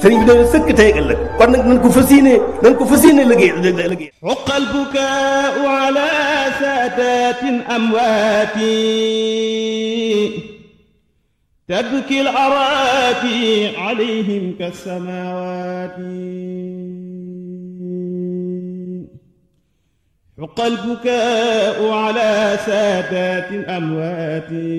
sëriñ bi dana sëkk tey ak ëllëg kon nag nañ ko fas yéene nañ ko fas yéene liggéey liggéey uqal bukaau ala saadatin amwaati tabki al araati alayhim kasamawaati حق البكاء على سادات أمواتي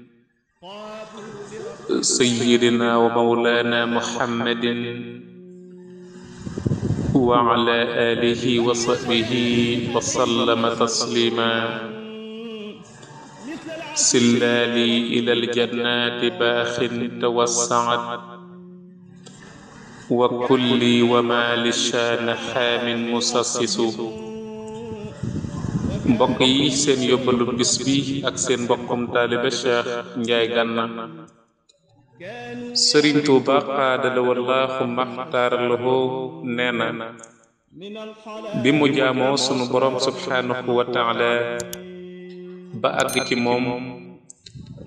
سيدنا ومولانا محمد وعلى آله وصحبه وسلم تسليما سلالي إلى الجنات باخ توسعت وكلي وما للشان حام مسسس mbokk yi seen yóbbalu bis bi ak seen mbokkum taaliba Cheikh Njaay Gànna sëriñ Tuuba xaadala wallaahu maxtaaralaho nee bi mu jaamoo sunu boroom subhaanahu wa taala ba àgg ci moom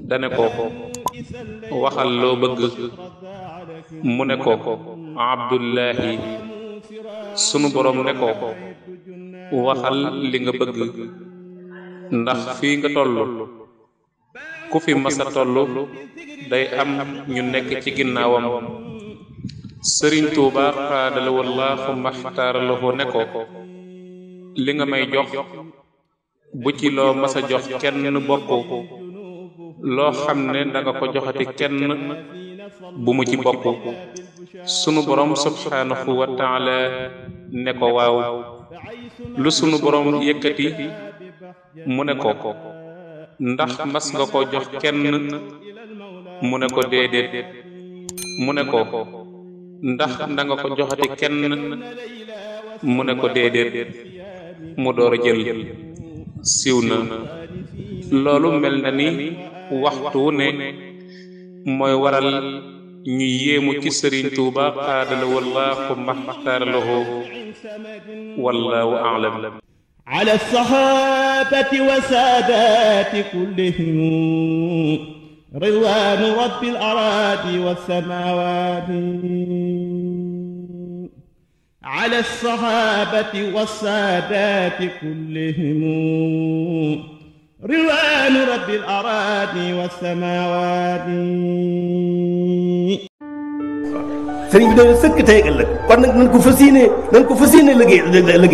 dane ko bëgg mu ne ko abdullahi sunu boroom ne waxal li nga bëgg ndax fii nga toll ku fi masa toll day am ñu nekk ci ginnaawam sëriñ tuuba xaadala wallaahu maxtaaralahu ne ko li nga may jox bu ci loo masa jox kenn bokk loo xam ne danga ko joxati kenn bu mu ci bokk sunu borom subhaanahu wa taala ne ko waaw lu sunu borom yëkkati mu ne ko ndax mas nga koo jox kenn mu ne ko déedéet mu ne ko ndax danga ko joxati kenn mu ne ko déedéet mu door a jël siw na loolu mel na ni waxtu ne mooy waral ñu yéemu ci sëriñ tuuba xaadala wallaahu maxtaaralaho wallaahu alam ala saxaabati wa saadaati kullihim ridwaanu rabbil araadi wa samaawaati ala saxaabati wa saadaati kullihim ridwaanu rabbil araadi was samaawaati sëriñ bi de sëkk tey ëllëg kon nag nañ ko fas yéene nañ ko fas yéene liggéey liggéey